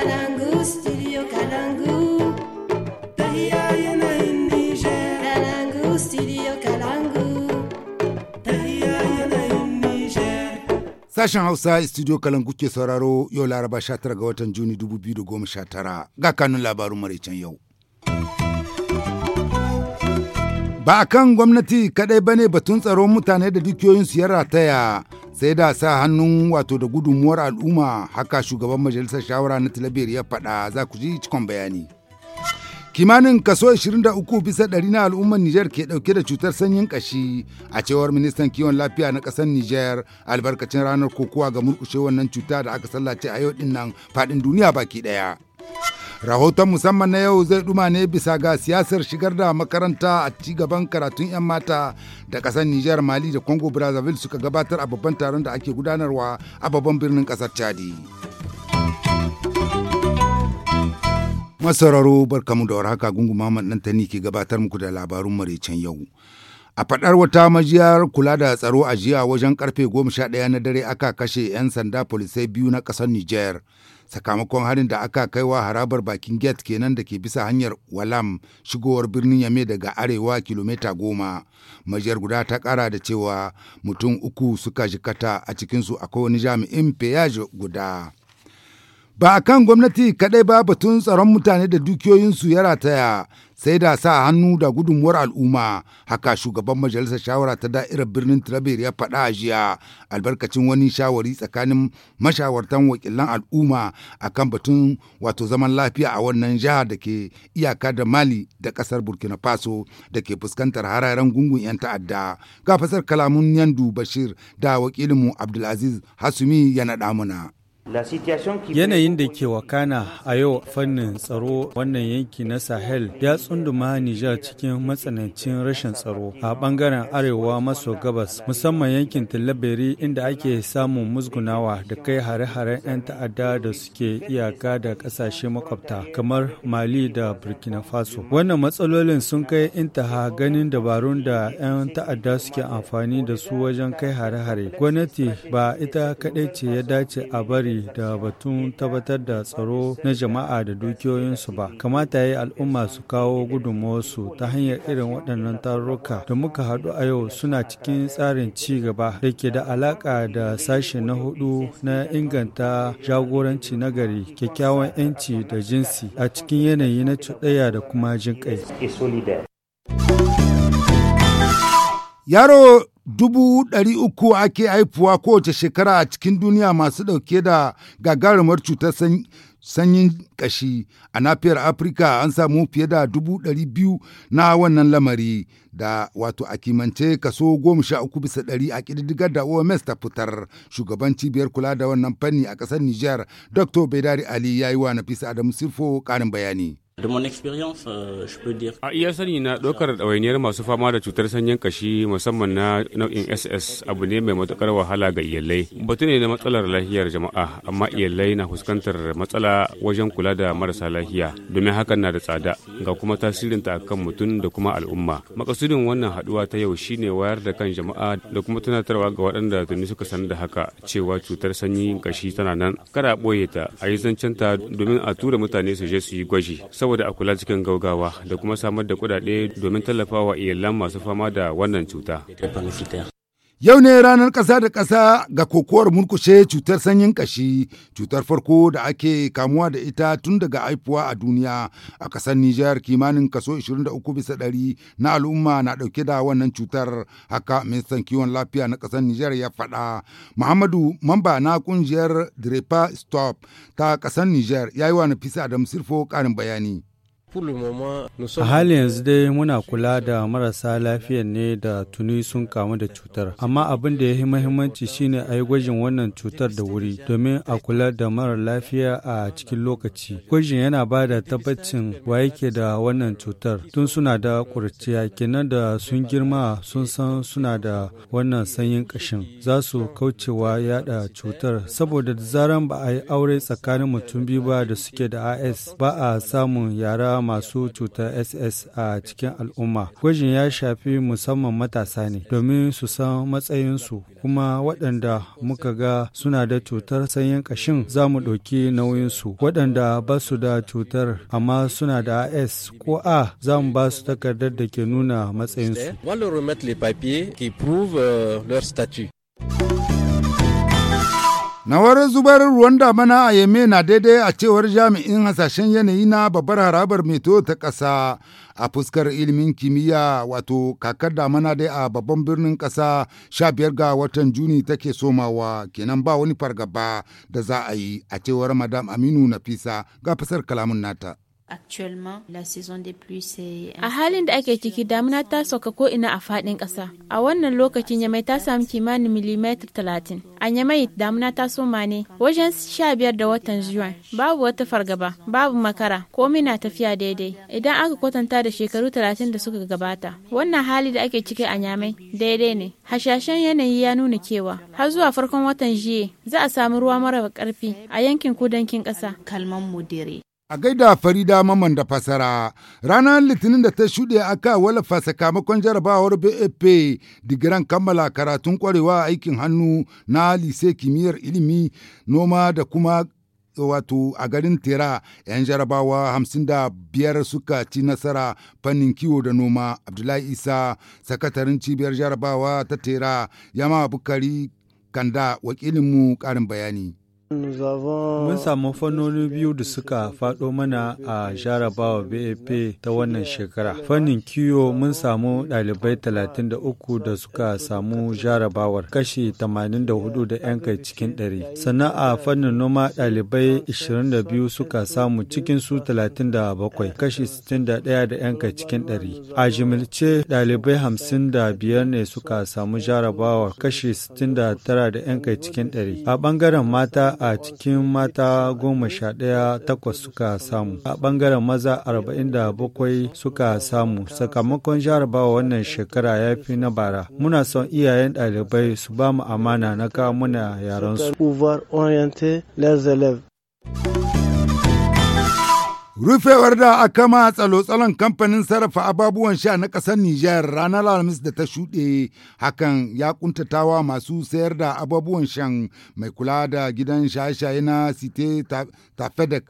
Kalangu, Sashen Hausa studio Kalangu ke sauraro yau Laraba 19 ga watan Juni 2019 ga kanun labarun maraicen yau. Ba a kan gwamnati kaɗai ba batun tsaron mutane da dukiyoyin dukiyoyinsu ya rataya. sai da sa hannun wato da gudunmuwar al'umma haka shugaban majalisar shawara na talabiyar ya faɗa za ku ji cikon bayani kimanin kaso 23 bisa ɗari na al'ummar niger ke ɗauke da cutar sanyin kashi a cewar ministan kiwon lafiya na ƙasar niger albarkacin ranar kokowa ga murkushe wannan cuta da aka sallace a yau ɗin nan faɗin duniya baki ɗaya Rahoton musamman na yau zai ɗuma ne bisa ga siyasar shigar da makaranta a ci gaban karatun 'yan mata da kasar Nijar Mali da Congo Brazzaville suka gabatar a babban taron da ake gudanarwa a babban birnin ƙasar Chadi. Masararo barkamu da warhaka gungu Muhammad tani ke gabatar muku da labarun maraicen yau. A faɗar wata majiyar kula da tsaro a jiya wajen karfe 11 na dare aka kashe 'yan sanda polisai biyu na kasar Nijar. sakamakon harin da aka kai wa harabar bakin gate kenan da ke bisa hanyar walam shigowar birnin yame daga arewa kilomita goma majiyar guda ta kara da cewa mutum uku suka jikata a cikinsu akwai wani jami'in peyaje guda Ba a kan gwamnati kaɗai ba batun tsaron mutane da dukiyoyinsu ya rataya sai da sa hannu da gudunmuwar al'umma haka shugaban majalisar shawara ta da'irar birnin Trabir ya faɗa a jiya albarkacin wani shawari tsakanin mashawartan wakilan al'umma akan batun wato zaman lafiya a wannan jihar da ke iyaka da Mali da ƙasar Burkina Faso da ke fuskantar hararen gungun 'yan ta'adda ga fasar kalamun Yandu Bashir da wakilinmu Abdulaziz Hasumi ya naɗa mana Yanayin da ke wakana a yau fannin tsaro wannan yanki na Sahel ya tsunduma Nijar cikin matsanancin rashin tsaro a bangaren arewa maso gabas musamman yankin Tilaberi inda ake samun musgunawa da kai hare hare 'yan ta'adda da suke iyaka da kasashe makwabta kamar Mali da Burkina Faso. Wannan matsalolin sun kai intaha ganin dabarun da 'yan ta'adda suke amfani da su wajen kai hare-hare. Gwamnati ba ita kaɗai ce ya dace a bari tsari da batun tabbatar da tsaro na jama'a da dukiyoyinsu ba kamata ya yi al'umma su kawo gudunmawarsu ta hanyar irin waɗannan tarurruka da muka haɗu a yau suna cikin tsarin ci gaba da ke da alaƙa da sashe na hudu na inganta jagoranci nagari kyakkyawan 'yanci da jinsi a cikin yanayi na cuɗaya da kuma jin kai. Yaro dubu ɗari uku ake haifuwa kowace shekara a cikin duniya masu ɗauke da gagarumar cutar sanyin ƙashi a nafiyar afirka an samu fiye da dubu ɗari biyu na wannan lamari da wato a kimance kaso goma sha uku bisa ɗari a ƙididdigar da oms ta fitar shugaban cibiyar kula da wannan fanni a ƙasar niger dr bedari ali ya yi wa nafisa adamu sifo ƙarin bayani Da mon experience, euh, je peux dire. A iya sani na ɗaukar ɗawainiyar masu fama da cutar sanyin kashi musamman na nau'in SS abu ne mai matukar wahala ga iyalai. Batu ne na matsalar lafiyar jama'a, amma iyalai na fuskantar matsala wajen kula da marasa lafiya, domin hakan na da tsada ga kuma tasirinta kan mutum da kuma al'umma. Makasudin wannan haduwa ta yau shine wayar da kan jama'a da kuma tunatarwa ga waɗanda tuni suka san da haka cewa cutar sanyin kashi tana nan. Kada a ɓoye ta, a yi zancen ta domin a tura mutane su je su yi gwaji. saboda a kula cikin gaugawa da kuma samar da kudade domin tallafawa iyalan masu fama da wannan cuta. Yau ne ranar ƙasa da ƙasa ga kokowar murkushe cutar sanyin ƙashi, cutar farko da ake kamuwa da ita tun daga haifuwa a duniya a ƙasar Nijar kimanin kaso 23 bisa ɗari na al'umma na ɗauke da wannan cutar haka ministan kiwon lafiya na ƙasar Nijar ya faɗa. Muhammadu mamba na ƙungiyar Drepa Stop ta ƙasar Nijar ya yi wa Nafisa Adam Sirfo ƙarin bayani. A halin yanzu dai muna kula da marasa lafiyan ne da tuni sun kamu da cutar. Amma abin da ya yi mahimmanci shine a yi gwajin wannan cutar da wuri domin a kula da mara lafiya a cikin lokaci. Gwajin yana ba da tabbacin wa yake da wannan cutar tun suna da kurciya kenan da sun girma sun san suna da wannan sanyin kashin za su kaucewa yada cutar saboda da zaran ba a yi aure tsakanin mutum biyu ba da suke da AS ba a samun yara masu cutar ss a cikin al'umma gwajin ya shafi musamman matasa ne domin su san matsayinsu kuma waɗanda muka ga suna da cutar sanyin ƙashin za mu ɗauki nauyinsu waɗanda ba su da cutar amma suna da as ko a za mu ba su takardar da ke nuna matsayinsu Nawar zubar ruwan damana a Yeme na daidai a cewar jami'in hasashen yanayi na babbar harabar meto ta ƙasa a fuskar ilimin kimiyya wato kakar damana dai a babban birnin ƙasa sha biyar ga watan Juni take somawa kenan ba wani fargaba da za a yi a cewar Madam Aminu Nafisa ga fasar kalamun nata. A halin da ake ciki damina ta sauka ko ina a faɗin ƙasa. A wannan lokacin Yamai ta samu kimanin milimetar talatin. A Yamai damina ta soma ne wajen sha biyar da watan Juwan. Babu wata fargaba, babu makara, komi na tafiya daidai. Idan aka kwatanta da shekaru talatin da suka gabata, wannan hali da ake ciki a Yamai daidai ne. Hashashen yanayi ya nuna cewa. Har zuwa farkon watan jiye za a samu ruwa mara karfi. a yankin kudancin ƙasa. Kalman mudire. A gaida Farida Maman da fasara, ranar Litinin da ta shuɗe aka walafa sakamakon jarabawar BFP digiran kammala karatun ƙwarewa aikin hannu na lise kimiyyar ilimi, noma da kuma wato a garin tera 'yan jarabawa hamsin da biyar suka ci nasara fannin kiwo da noma abdullahi isa sakatarin cibiyar jarabawa ta tera yama bukari kanda wakilinmu karin bayani Mun samu fannoni biyu da suka faɗo mana a jarabawa BAP ta wannan shekara. Fannin kiyo mun samu ɗalibai 33 da suka samu jarabawar kashi 84 da 'yan kai cikin 100. Sannan a fannin noma ɗalibai 22 suka samu cikin su 37 kashi 61 da 'yan kai cikin 100. A jimilce ɗalibai 55 ne suka samu jarabawar kashi 69 da 'yan kai cikin 100. A ɓangaren mata a cikin mata goma sha ɗaya takwas suka samu. A ɓangaren maza arba'in da bakwai suka samu. Sakamakon jarabawa wannan shekara ya fi na bara. Muna son iyayen ɗalibai su ba mu amana na kawo muna yaransu. Rufewar da aka ma tsalo-tsalon kamfanin sarrafa ababuwan sha na ƙasar Nijar ranar Alhamis da ta shuɗe hakan ya kuntatawa masu sayar da ababuwan shan mai kula da gidan shaye-shaye na Site Tafedek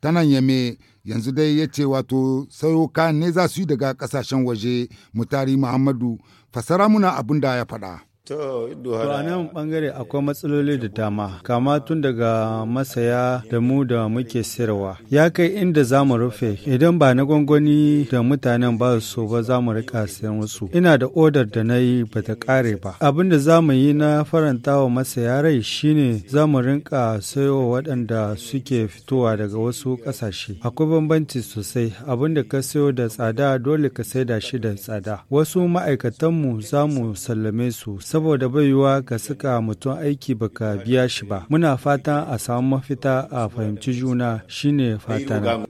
ta nan Yame yanzu dai ya ce wato sayo ne za su yi daga ƙasashen waje Mutari Muhammadu fasara muna abin da ya faɗa. To a nan bangare akwai matsaloli da dama, kama tun daga masaya da mu da muke sayarwa. Ya kai inda za mu rufe, idan ba na gwangwani da mutanen ba su ba za mu rika sayan wasu. Ina da odar da na yi ba ta kare ba. Abin da za mu yi na faranta wa masaya rai shine za mu rinka sayo waɗanda suke fitowa daga wasu ƙasashe. Akwai bambanci sosai, abin da ka sayo da tsada dole ka saida shi da tsada. Wasu ma'aikatanmu za mu sallame su saboda baiwa ga saka mutum aiki baka biya shi ba muna fatan a samu mafita a fahimci juna shine fatan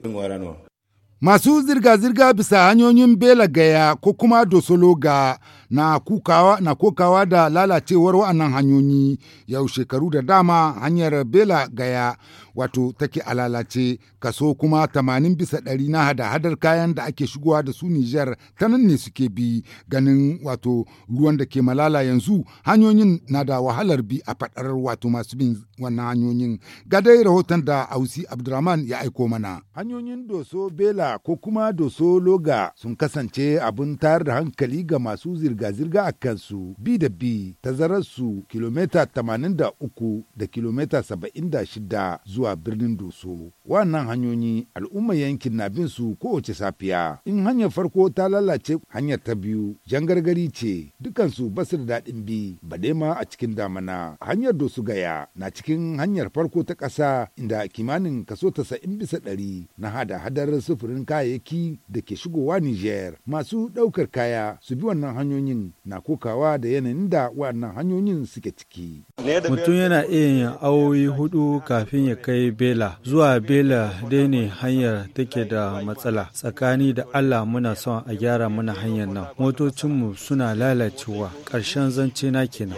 masu zirga-zirga bisa hanyoyin bela gaya ko kuma dosolo ga na kukawa na kokawa da lalacewar wa'annan hanyoyi yau shekaru da dama hanyar bela gaya wato take a lalace kaso kuma 80 bisa ɗari na hada-hadar kayan da ake shigowa da su Nijar ta nan ne suke bi ganin wato ruwan da ke malala yanzu hanyoyin na da wahalar bi a faɗar wato masu bin wannan hanyoyin gadai rahoton da Ausi Abdurrahman ya aiko mana. Hanyoyin doso bela ko kuma doso loga sun kasance abin tayar da hankali ga masu zirga zirga-zirga a kansu bi da bi tazararsu kilomita 83 da kilomita 76 zuwa birnin Doso. Wannan hanyoyi al'umma yankin na bin su kowace safiya. In hanyar farko ta lalace hanyar ta biyu jan gargari ce dukansu ba su da daɗin bi ba dai ma a cikin damana. Hanyar Doso Gaya na cikin hanyar farko ta ƙasa inda kimanin kaso 90 bisa ɗari na hada-hadar sufurin kayayyaki da ke shigowa niger masu ɗaukar kaya su bi wannan hanyoyi yin na kokawa da yanayin da waɗannan hanyoyin suke ciki. Mutum yana iya yin awoyi hudu kafin ya kai Bela. Zuwa Bela dai ne hanyar take da matsala. Tsakani da Allah muna son a gyara mana hanyar nan. Motocinmu suna lalacewa. Ƙarshen zance na kenan.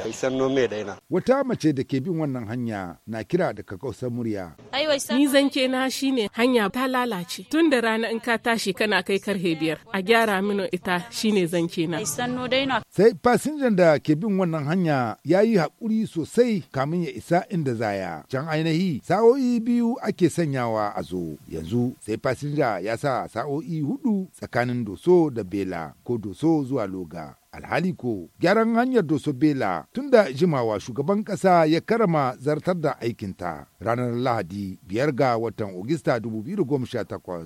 Wata mace da ke bin wannan hanya na kira da kakausar murya. Ni zance na shine hanya ta lalace. Tun da rana in ka tashi kana kai karhe biyar. A gyara mino ita shine zance na. daina. Sai fasinjan da ke bin wannan hanya ya yi haƙuri sosai kamin ya isa inda zaya. Can ainihi sa'o'i biyu ake sanyawa a zo. Yanzu sai fasinja ya sa sa'o'i hudu tsakanin doso da bela ko doso zuwa loga. alhali ko gyaran hanyar doso bela tun da jimawa shugaban kasa ya karama zartar da aikinta ranar lahadi biyar ga watan ogista 2018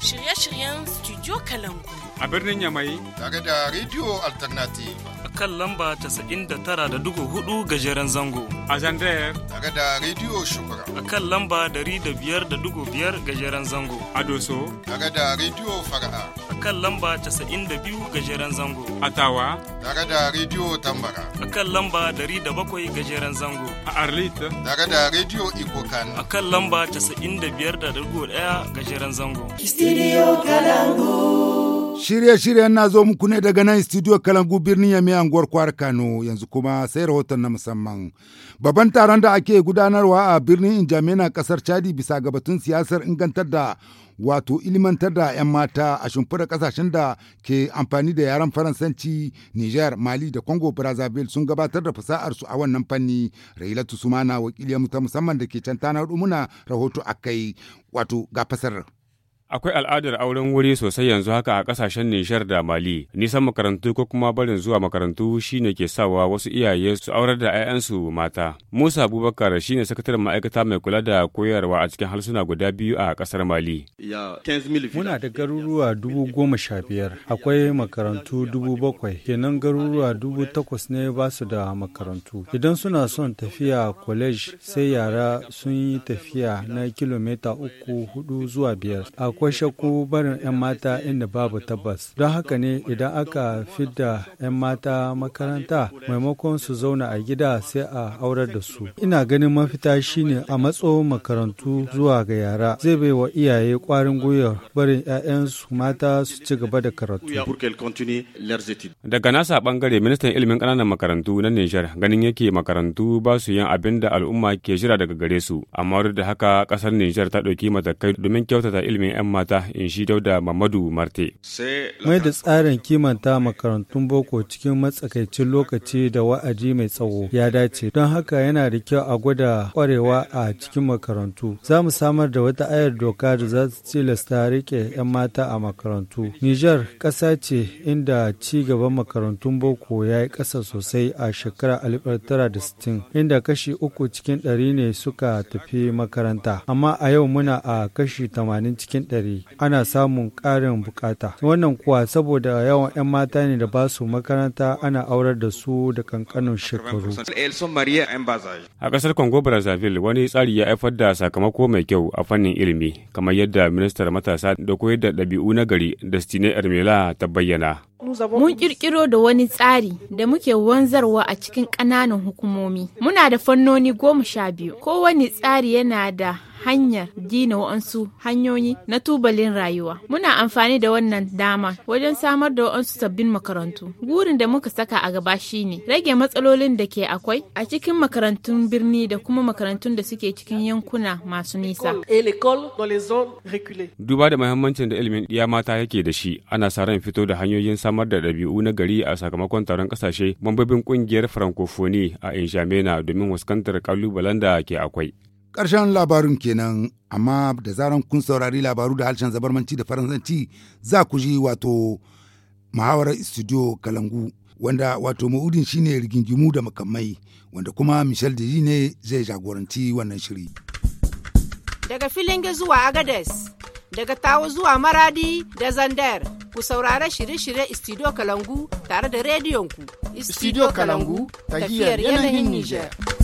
shirye-shiryen studio kalangu a birnin Yamai. Tare da Radio Alternative. A kan lamba 99.4 gajeren zango. A Zandayar. Tare da Radio Shukura. A kan lamba 105.5 gajeren zango. A Doso. Tare da Radio Fara'a. A kan lamba 92 gajeren zango. A Tawa. Tare da Radio Tambara. A kan lamba 107 gajeren zango. A Arlit. Tare da Radio Ikokan. A kan lamba 95.1 gajeren zango. Studio Kalangu. Shirye-shiryen na zo muku ne daga nan studio Kalangu birnin Yami anguwar kwar Kano yanzu kuma sai rahoton na musamman. Babban taron da ake gudanarwa a birnin Injamena kasar Chadi bisa ga batun siyasar ingantar da wato ilimantar da 'yan mata a shimfiɗa kasashen da ke amfani da yaren faransanci niger mali da congo brazzaville sun gabatar da su a wannan fanni railatu sumana wakiliyar ta musamman da ke can tana rahoto a kai wato ga fasarar Akwai al'adar auren wuri sosai yanzu haka a kasashen Nishar da Mali. Nisan makarantu ko kuma barin zuwa makarantu shine ke sawa wasu iyaye su aurar da 'ya'yansu mata. Musa Abubakar shine sakataren ma'aikata mai kula da koyarwa a cikin harsuna guda biyu a kasar Mali. Muna da garuruwa dubu goma sha biyar. Akwai makarantu dubu bakwai. Kenan garuruwa dubu takwas ne ba su da makarantu. Idan suna son tafiya kwalej sai yara sun yi tafiya na kilomita uku hudu zuwa biyar. akwai shakku barin 'yan mata inda babu tabbas. Don haka ne idan aka fidda 'yan mata makaranta maimakon su zauna a gida sai a aurar da su. Ina ganin mafita shine a matso makarantu zuwa ga yara zai bai wa iyaye kwarin gwiwar barin 'ya'yan su mata su ci gaba da karatu. Daga nasa bangare ministan ilimin ƙananan makarantu na Nijar ganin yake makarantu ba su yin abin da al'umma ke jira daga gare su amma duk da haka ƙasar Nijar ta ɗauki matakai domin kyautata ilimin 'yan mata in shi dauda mamadu marte mai da tsarin kimanta makarantun boko cikin matsakaicin lokaci da wa'adi mai tsawo ya dace don haka yana da kyau a gwada kwarewa a cikin makarantu za mu samar da wata ayar doka da za ta tilasta rike 'yan mata a makarantu nijar ƙasa ce inda ci gaban makarantun boko ya yi ƙasa sosai a shekarar 1960 inda kashi uku cikin ɗari ne suka tafi makaranta amma a yau muna a kashi 80 cikin 100 hadari ana samun ƙarin bukata wannan kuwa saboda yawan 'yan mata ne da ba su makaranta ana aurar da su da kankanin shekaru a ƙasar congo brazzaville wani tsari ya haifar da sakamako mai kyau a fannin ilimi kamar yadda ministar matasa da koyar da ɗabi'u na gari destiny ermela ta bayyana Mun kirkiro da wani tsari da muke wanzarwa a cikin ƙananan hukumomi. Muna da fannoni goma sha biyu. Kowane tsari yana da hanyar gina wa'ansu hanyoyi na tubalin rayuwa. Muna amfani da wannan dama wajen samar da wa'ansu sabbin makarantu. Gurin da muka saka a gaba shi ne rage matsalolin da ke akwai a cikin makarantun birni da kuma makarantun da suke cikin yankuna masu nisa. Duba da muhimmancin da ilimin ɗiya mata yake da shi, ana sa ran fito da hanyoyin samar da ɗabi'u na gari a sakamakon taron ƙasashe mambobin ƙungiyar Francophonie a Injamena domin fuskantar ƙalubalen da ke akwai. ƙarshen labarin kenan amma da zaran kun saurari labaru da harshen zabarmanci da faransanci za ku ji wato muhawarar studio kalangu wanda wato ma'udin shine rigingimu da makamai wanda kuma michel de ne zai jagoranci wannan shiri daga filinge zuwa agades daga tawo zuwa maradi da zandar ku saurara shirye-shirye studio kalangu tare da rediyonku studio kalangu tafiyar yanayin niger